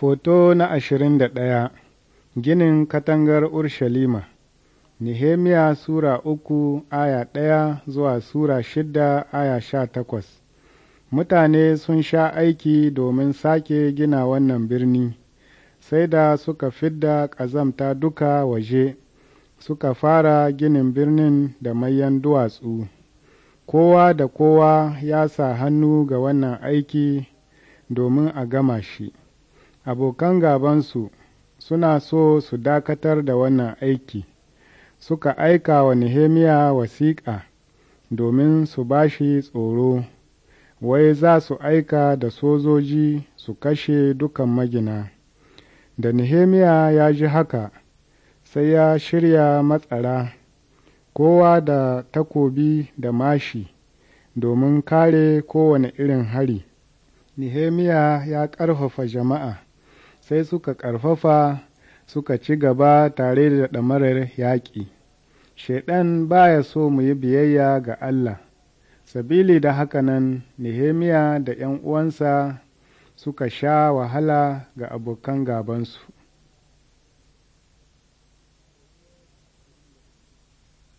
Foto na ashirin da ɗaya Ginin katangar Urshalima Nehemiya Sura uku aya ɗaya zuwa Sura shidda aya sha takwas Mutane sun sha aiki domin sake gina wannan birni, sai da suka fidda ƙazamta duka waje, suka fara ginin birnin da mayan duwatsu. Kowa da kowa ya sa hannu ga wannan aiki domin a gama shi. abokan gabansu suna so su dakatar da wannan aiki suka aika wa Nehemiya wasiƙa domin su ba shi tsoro wai za su aika da sojoji su kashe dukan magina da Nehemiya ya ji haka sai ya shirya matsara kowa da takobi da mashi domin kare kowane irin hari Nehemiya ya ƙarfafa jama'a sai suka ƙarfafa suka ci gaba tare da ɗamarar yaƙi. Shaiɗan ba ya so mu yi biyayya ga Allah, sabili da hakanan Nehemiya da ’yan uwansa suka sha wahala ga abokan gabansu.